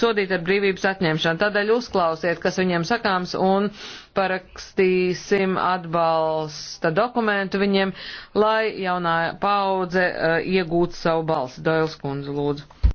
sodīt ar brīvības atņemšanu. Tādēļ uzklausiet, kas viņiem sakāms, un parakstīsim atbalsta dokumentu viņiem, lai jaunā paudze uh, iegūtu savu balsi. Doils kundze, lūdzu.